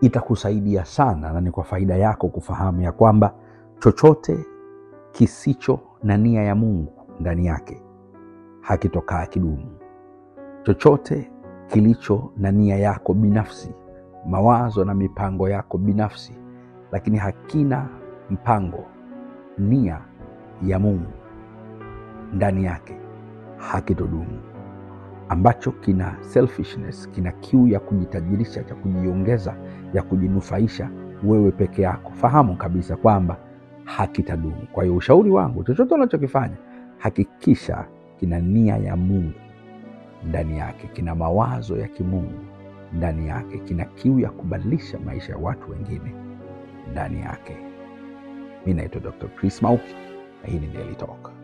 itakusaidia sana na ni kwa faida yako kufahamu ya kwamba chochote kisicho na nia ya Mungu ndani yake hakitokaa kidumu. Chochote kilicho na nia yako binafsi, mawazo na mipango yako binafsi, lakini hakina mpango, nia ya Mungu ndani yake hakitodumu ambacho kina selfishness, kina kiu ya kujitajirisha, cha kujiongeza, ya kujinufaisha wewe peke yako, fahamu kabisa kwamba hakitadumu. Kwa hiyo ushauri wangu, chochote unachokifanya hakikisha kina nia ya Mungu ndani yake, kina mawazo ya kimungu ndani yake, kina kiu ya kubadilisha maisha ya watu wengine ndani yake. Mi naitwa Dr. Chris Mauki na hii ni Daily Talk.